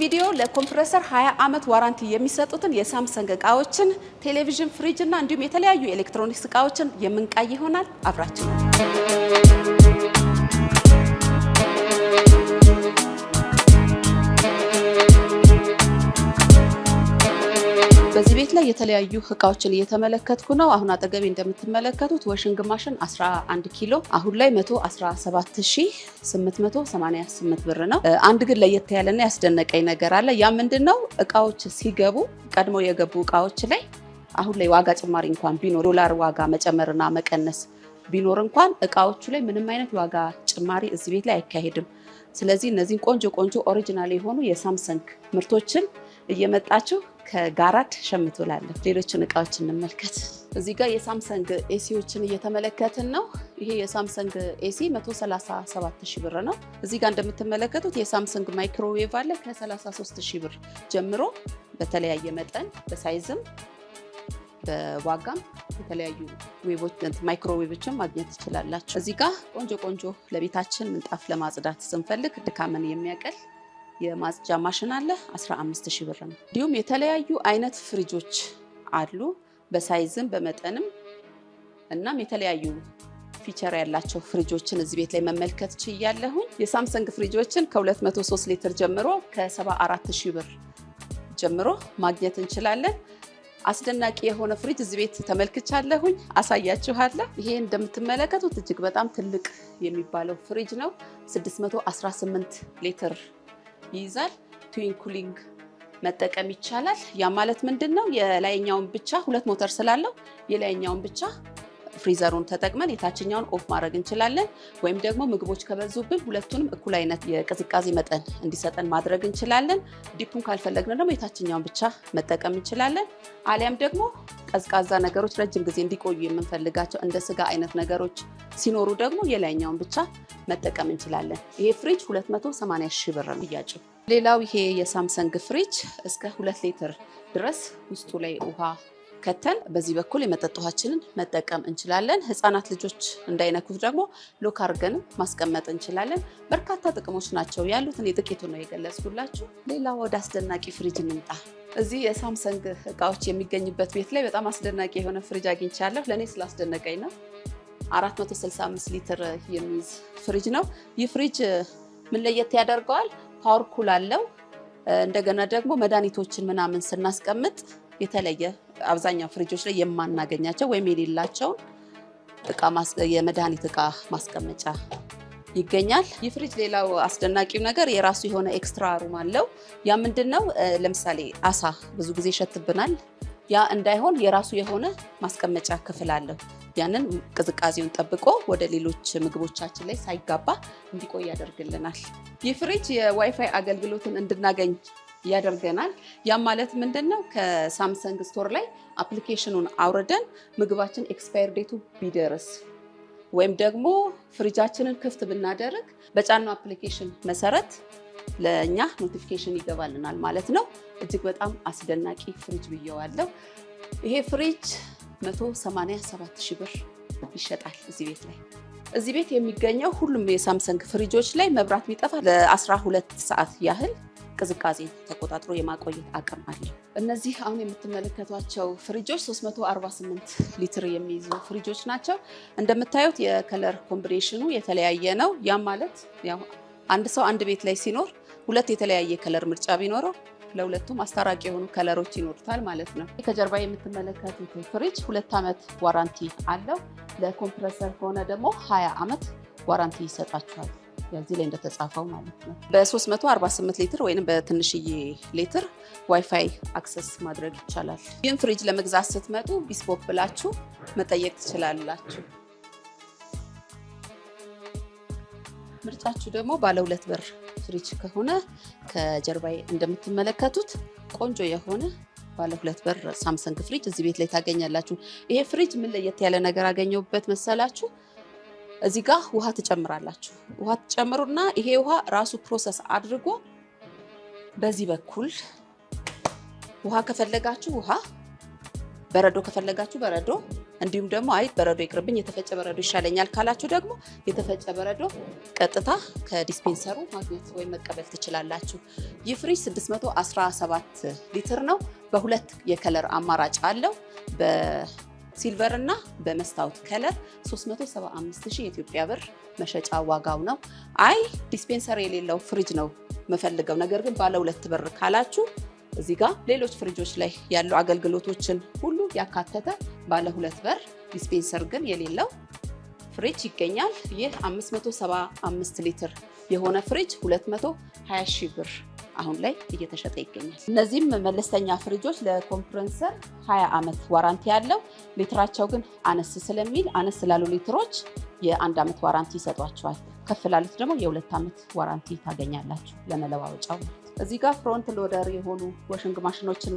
ቪዲዮ ለኮምፕረሰር 20 ዓመት ዋራንቲ የሚሰጡትን የሳምሰንግ እቃዎችን፣ ቴሌቪዥን፣ ፍሪጅ እና እንዲሁም የተለያዩ ኤሌክትሮኒክስ እቃዎችን የምንቃይ ይሆናል። አብራችሁ ላይ የተለያዩ እቃዎችን እየተመለከትኩ ነው። አሁን አጠገቤ እንደምትመለከቱት ወሽንግ ማሽን 11 ኪሎ አሁን ላይ 117888 ብር ነው። አንድ ግን ለየት ያለና ያስደነቀኝ ነገር አለ። ያ ምንድን ነው? እቃዎች ሲገቡ ቀድሞ የገቡ እቃዎች ላይ አሁን ላይ ዋጋ ጭማሪ እንኳን ቢኖር ዶላር ዋጋ መጨመርና መቀነስ ቢኖር እንኳን እቃዎቹ ላይ ምንም አይነት ዋጋ ጭማሪ እዚህ ቤት ላይ አይካሄድም። ስለዚህ እነዚህን ቆንጆ ቆንጆ ኦሪጂናል የሆኑ የሳምሰንግ ምርቶችን እየመጣችሁ ከጋራድ ሸምቶ ሌሎችን እቃዎች እንመልከት። እዚህ ጋር የሳምሰንግ ኤሲዎችን እየተመለከትን ነው። ይሄ የሳምሰንግ ኤሲ 137 ሺህ ብር ነው። እዚህ ጋር እንደምትመለከቱት የሳምሰንግ ማይክሮዌቭ አለ ከ33 ሺህ ብር ጀምሮ በተለያየ መጠን በሳይዝም በዋጋም የተለያዩ ማይክሮዌቦችን ማግኘት ትችላላችሁ። እዚህ ጋር ቆንጆ ቆንጆ ለቤታችን ምንጣፍ ለማጽዳት ስንፈልግ ድካምን የሚያቀል የማጽጃ ማሽን አለ 15 ሺ ብር ነው። እንዲሁም የተለያዩ አይነት ፍሪጆች አሉ በሳይዝም በመጠንም እናም የተለያዩ ፊቸር ያላቸው ፍሪጆችን እዚህ ቤት ላይ መመልከት ችያለሁኝ። የሳምሰንግ ፍሪጆችን ከ203 ሊትር ጀምሮ ከ74 ሺ ብር ጀምሮ ማግኘት እንችላለን። አስደናቂ የሆነ ፍሪጅ እዚህ ቤት ተመልክቻለሁኝ፣ አሳያችኋለሁ። ይሄ እንደምትመለከቱት እጅግ በጣም ትልቅ የሚባለው ፍሪጅ ነው። 618 ሊትር ይይዛል። ቱዊን ኩሊንግ መጠቀም ይቻላል። ያ ማለት ምንድን ነው? የላይኛውን ብቻ ሁለት ሞተር ስላለው የላይኛውን ብቻ ፍሪዘሩን ተጠቅመን የታችኛውን ኦፍ ማድረግ እንችላለን። ወይም ደግሞ ምግቦች ከበዙብን ሁለቱንም እኩል አይነት የቅዝቃዜ መጠን እንዲሰጠን ማድረግ እንችላለን። ዲፑን ካልፈለግን ደግሞ የታችኛውን ብቻ መጠቀም እንችላለን። አሊያም ደግሞ ቀዝቃዛ ነገሮች ረጅም ጊዜ እንዲቆዩ የምንፈልጋቸው እንደ ስጋ አይነት ነገሮች ሲኖሩ ደግሞ የላይኛውን ብቻ መጠቀም እንችላለን። ይሄ ፍሪጅ 280 ሺህ ብር ነው ሽያጩ። ሌላው ይሄ የሳምሰንግ ፍሪጅ እስከ ሁለት ሊትር ድረስ ውስጡ ላይ ውሃ ከተን በዚህ በኩል የመጠጥ ውሃችንን መጠቀም እንችላለን። ህፃናት ልጆች እንዳይነኩት ደግሞ ሎክ አድርገን ማስቀመጥ እንችላለን። በርካታ ጥቅሞች ናቸው ያሉት። እኔ ጥቂቱ ነው የገለጽኩላችሁ። ሌላ ወደ አስደናቂ ፍሪጅ እንምጣ። እዚህ የሳምሰንግ እቃዎች የሚገኝበት ቤት ላይ በጣም አስደናቂ የሆነ ፍሪጅ አግኝቻለሁ። ለእኔ ስላስደነቀኝ ነው። 465 ሊትር የሚይዝ ፍሪጅ ነው። ይህ ፍሪጅ ምን ለየት ያደርገዋል? ፓወርኩል አለው። እንደገና ደግሞ መድኃኒቶችን ምናምን ስናስቀምጥ የተለየ አብዛኛው ፍሪጆች ላይ የማናገኛቸው ወይም የሌላቸውን እቃ የመድኃኒት እቃ ማስቀመጫ ይገኛል። ይህ ፍሪጅ ሌላው አስደናቂው ነገር የራሱ የሆነ ኤክስትራ ሩም አለው። ያ ምንድን ነው? ለምሳሌ አሳ ብዙ ጊዜ ይሸትብናል። ያ እንዳይሆን የራሱ የሆነ ማስቀመጫ ክፍል አለው። ያንን ቅዝቃዜውን ጠብቆ ወደ ሌሎች ምግቦቻችን ላይ ሳይጋባ እንዲቆይ ያደርግልናል። ይህ ፍሪጅ የዋይፋይ አገልግሎትን እንድናገኝ ያደርገናል። ያም ማለት ምንድን ነው? ከሳምሰንግ ስቶር ላይ አፕሊኬሽኑን አውርደን ምግባችን ኤክስፓየር ዴቱ ቢደርስ ወይም ደግሞ ፍሪጃችንን ክፍት ብናደርግ በጫና አፕሊኬሽን መሰረት ለእኛ ኖቲፊኬሽን ይገባልናል ማለት ነው። እጅግ በጣም አስደናቂ ፍሪጅ ብየዋለሁ። ይሄ ፍሪጅ 187 ሺህ ብር ይሸጣል እዚህ ቤት ላይ። እዚህ ቤት የሚገኘው ሁሉም የሳምሰንግ ፍሪጆች ላይ መብራት ቢጠፋ ለ12 ሰዓት ያህል ቅዝቃዜ ተቆጣጥሮ የማቆየት አቅም አለ። እነዚህ አሁን የምትመለከቷቸው ፍሪጆች 348 ሊትር የሚይዙ ፍሪጆች ናቸው። እንደምታዩት የከለር ኮምቢኔሽኑ የተለያየ ነው። ያም ማለት አንድ ሰው አንድ ቤት ላይ ሲኖር ሁለት የተለያየ ከለር ምርጫ ቢኖረው ለሁለቱም አስታራቂ የሆኑ ከለሮች ይኖሩታል ማለት ነው። ከጀርባ የምትመለከቱት ፍሪጅ ሁለት ዓመት ዋራንቲ አለው። ለኮምፕረሰር ከሆነ ደግሞ 20 ዓመት ዋራንቲ ይሰጣችኋል። እዚህ ላይ እንደተጻፈው ማለት ነው። በ348 ሊትር ወይም በትንሽዬ ሊትር ዋይፋይ አክሰስ ማድረግ ይቻላል። ይህን ፍሪጅ ለመግዛት ስትመጡ ቢስፖክ ብላችሁ መጠየቅ ትችላላችሁ። ምርጫችሁ ደግሞ ባለ ሁለት በር ፍሪጅ ከሆነ ከጀርባዬ እንደምትመለከቱት ቆንጆ የሆነ ባለ ሁለት በር ሳምሰንግ ፍሪጅ እዚህ ቤት ላይ ታገኛላችሁ። ይሄ ፍሪጅ ምን ለየት ያለ ነገር አገኘሁበት መሰላችሁ? እዚህ ጋር ውሃ ትጨምራላችሁ። ውሃ ትጨምሩና ይሄ ውሃ ራሱ ፕሮሰስ አድርጎ በዚህ በኩል ውሃ ከፈለጋችሁ ውሃ፣ በረዶ ከፈለጋችሁ በረዶ፣ እንዲሁም ደግሞ አይ በረዶ ይቅርብኝ የተፈጨ በረዶ ይሻለኛል ካላችሁ ደግሞ የተፈጨ በረዶ ቀጥታ ከዲስፔንሰሩ ማግኘት ወይም መቀበል ትችላላችሁ። ይህ ፍሪጅ 617 ሊትር ነው። በሁለት የከለር አማራጭ አለው። ሲልቨር እና በመስታወት ከለር 375 የኢትዮጵያ ብር መሸጫ ዋጋው ነው። አይ ዲስፔንሰር የሌለው ፍሪጅ ነው መፈልገው፣ ነገር ግን ባለ ሁለት በር ካላችሁ እዚህ ጋር ሌሎች ፍሪጆች ላይ ያሉ አገልግሎቶችን ሁሉ ያካተተ ባለ ሁለት በር ዲስፔንሰር ግን የሌለው ፍሪጅ ይገኛል። ይህ 575 ሊትር የሆነ ፍሪጅ 220 ሺህ ብር አሁን ላይ እየተሸጠ ይገኛል። እነዚህም መለስተኛ ፍሪጆች ለኮምፕረንሰር ሀያ ዓመት ዋራንቲ ያለው ሊትራቸው ግን አነስ ስለሚል አነስ ስላሉ ሊትሮች የአንድ ዓመት ዋራንቲ ይሰጧቸዋል። ከፍ ላሉት ደግሞ የሁለት ዓመት ዋራንቲ ታገኛላችሁ ለመለዋወጫው። እዚህ ጋር ፍሮንት ሎደር የሆኑ ወሽንግ ማሽኖችን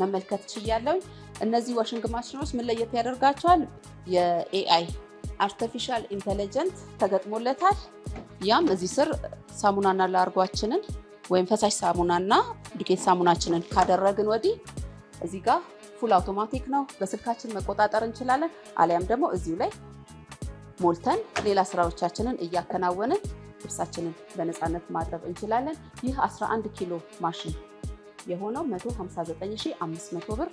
መመልከት ችያለውኝ። እነዚህ ወሽንግ ማሽኖች ምን ለየት ያደርጋቸዋል? የኤአይ አርቲፊሻል ኢንቴሊጀንት ተገጥሞለታል። ያም እዚህ ስር ሳሙናና ላርጓችንን ወይም ፈሳሽ ሳሙና እና ዱቄት ሳሙናችንን ካደረግን ወዲህ እዚህ ጋር ፉል አውቶማቲክ ነው። በስልካችን መቆጣጠር እንችላለን። አሊያም ደግሞ እዚሁ ላይ ሞልተን ሌላ ስራዎቻችንን እያከናወንን ልብሳችንን በነፃነት ማጠብ እንችላለን። ይህ 11 ኪሎ ማሽን የሆነው 159500 ብር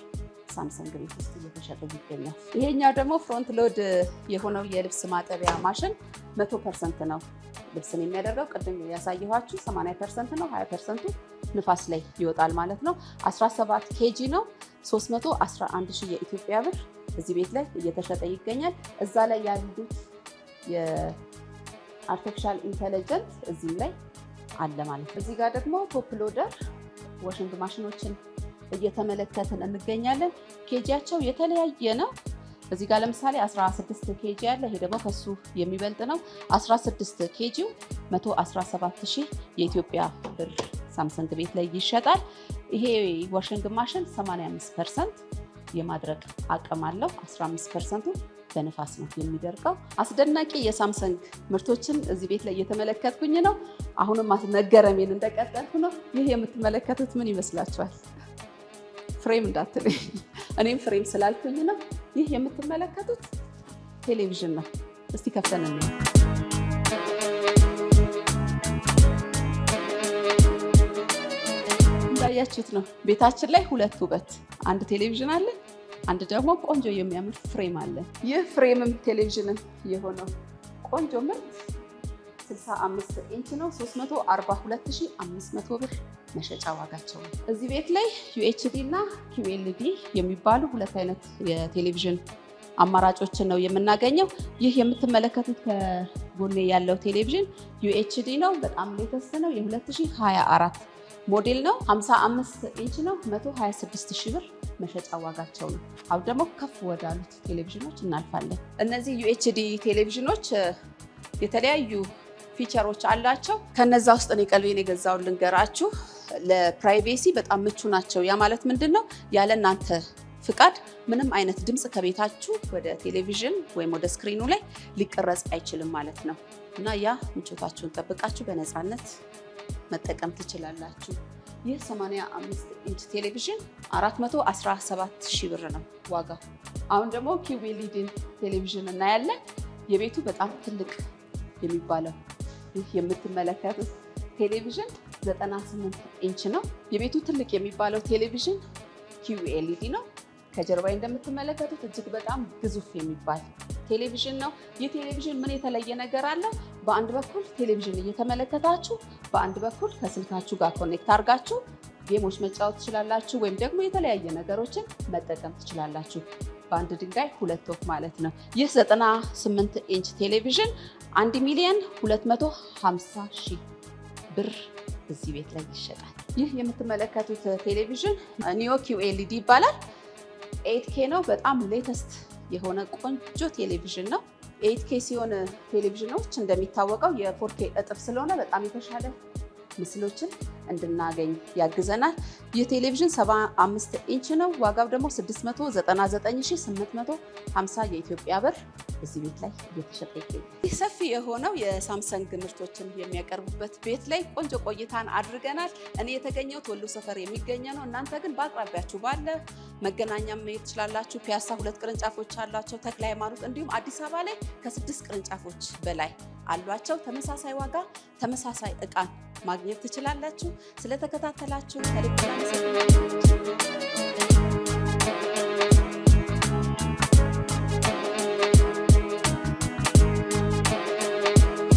ሳምሰንግ ቤት ውስጥ እየተሸጠ ይገኛል። ይሄኛው ደግሞ ፍሮንት ሎድ የሆነው የልብስ ማጠቢያ ማሽን መቶ ፐርሰንት ነው ልብስን የሚያደርገው ቅድም ያሳየኋችሁ 8% ፐርሰንት ነው። 20 ፐርሰንቱ ንፋስ ላይ ይወጣል ማለት ነው። 17 ኬጂ ነው። 311 ሺህ የኢትዮጵያ ብር እዚህ ቤት ላይ እየተሸጠ ይገኛል። እዛ ላይ ያሉት የአርቲፊሻል ኢንቴሊጀንት እዚህም ላይ አለ ማለት ነው። እዚህ ጋር ደግሞ ቶፕ ሎደር ዋሽንግ ማሽኖችን እየተመለከትን እንገኛለን። ኬጂያቸው የተለያየ ነው። እዚህ ጋር ለምሳሌ 16 ኬጂ ያለ ይሄ ደግሞ ከሱ የሚበልጥ ነው። 16 ኬጂው 117 ሺህ የኢትዮጵያ ብር ሳምሰንግ ቤት ላይ ይሸጣል። ይሄ ዋሽንግ ማሽን 85 ፐርሰንት የማድረግ አቅም አለው። 15 ፐርሰንቱ በንፋስ ነው የሚደርቀው። አስደናቂ የሳምሰንግ ምርቶችን እዚህ ቤት ላይ እየተመለከትኩኝ ነው። አሁንም መገረሜን እንደቀጠልኩ ነው። ይህ የምትመለከቱት ምን ይመስላችኋል? ፍሬም እንዳትለኝ፣ እኔም ፍሬም ስላልኩኝ ነው። ይህ የምትመለከቱት ቴሌቪዥን ነው። እስቲ ከፍተን እንየው። እንዳያችሁት ነው ቤታችን ላይ ሁለት ውበት፣ አንድ ቴሌቪዥን አለ፣ አንድ ደግሞ ቆንጆ የሚያምር ፍሬም አለ። ይህ ፍሬምም ቴሌቪዥንም የሆነው ቆንጆ ምርት 65 ኢንች ነው። 342500 ብር መሸጫ ዋጋቸው ነው። እዚህ ቤት ላይ ዩኤችዲ እና ኪዩኤልዲ የሚባሉ ሁለት አይነት የቴሌቪዥን አማራጮችን ነው የምናገኘው። ይህ የምትመለከቱት ከጎኔ ያለው ቴሌቪዥን ዩኤችዲ ነው። በጣም ሌተስ ነው። የ2024 ሞዴል ነው። 55 ኢንች ነው። 126 ሺህ ብር መሸጫ ዋጋቸው ነው። አሁን ደግሞ ከፍ ወዳሉት ቴሌቪዥኖች እናልፋለን። እነዚህ ዩኤችዲ ቴሌቪዥኖች የተለያዩ ፊቸሮች አላቸው። ከነዛ ውስጥ እኔ ቀልቤን የገዛውን ልንገራችሁ። ለፕራይቬሲ በጣም ምቹ ናቸው። ያ ማለት ምንድን ነው? ያለ እናንተ ፍቃድ ምንም አይነት ድምፅ ከቤታችሁ ወደ ቴሌቪዥን ወይም ወደ ስክሪኑ ላይ ሊቀረጽ አይችልም ማለት ነው እና ያ ምቾታችሁን ጠብቃችሁ በነፃነት መጠቀም ትችላላችሁ። ይህ 85 ኢንች ቴሌቪዥን 417 ሺ ብር ነው ዋጋው። አሁን ደግሞ ኪዊሊድን ቴሌቪዥን እናያለን። የቤቱ በጣም ትልቅ የሚባለው ይህ የምትመለከቱት ቴሌቪዥን 98 ኢንች ነው። የቤቱ ትልቅ የሚባለው ቴሌቪዥን ኪዩኤልዲ ነው። ከጀርባ እንደምትመለከቱት እጅግ በጣም ግዙፍ የሚባል ቴሌቪዥን ነው። ይህ ቴሌቪዥን ምን የተለየ ነገር አለው? በአንድ በኩል ቴሌቪዥን እየተመለከታችሁ፣ በአንድ በኩል ከስልካችሁ ጋር ኮኔክት አድርጋችሁ ጌሞች መጫወት ትችላላችሁ፣ ወይም ደግሞ የተለያየ ነገሮችን መጠቀም ትችላላችሁ። በአንድ ድንጋይ ሁለት ወፍ ማለት ነው። ይህ 98 ኢንች ቴሌቪዥን 1 ሚሊዮን 250 ሺህ ብር እዚህ ቤት ላይ ይሸጣል። ይህ የምትመለከቱት ቴሌቪዥን ኒዮ ኪው ኤልዲ ይባላል። ኤት ኬ ነው። በጣም ሌተስት የሆነ ቆንጆ ቴሌቪዥን ነው። ኤት ኬ ሲሆን ቴሌቪዥኖች እንደሚታወቀው የፖርኬ እጥፍ ስለሆነ በጣም የተሻለ ምስሎችን እንድናገኝ ያግዘናል። ይህ ቴሌቪዥን 75 ኢንች ነው። ዋጋው ደግሞ 699,850 የኢትዮጵያ ብር በዚህ ቤት ላይ እየተሸጠ ይገኛል። ይህ ሰፊ የሆነው የሳምሰንግ ምርቶችን የሚያቀርቡበት ቤት ላይ ቆንጆ ቆይታን አድርገናል። እኔ የተገኘሁት ወሎ ሰፈር የሚገኘ ነው። እናንተ ግን በአቅራቢያችሁ ባለ መገናኛ መሄድ ትችላላችሁ። ፒያሳ ሁለት ቅርንጫፎች አሏቸው፣ ተክለ ሃይማኖት እንዲሁም አዲስ አበባ ላይ ከስድስት ቅርንጫፎች በላይ አሏቸው። ተመሳሳይ ዋጋ ተመሳሳይ እቃን ማግኘት ትችላላችሁ። ስለተከታተላችሁ ከልብ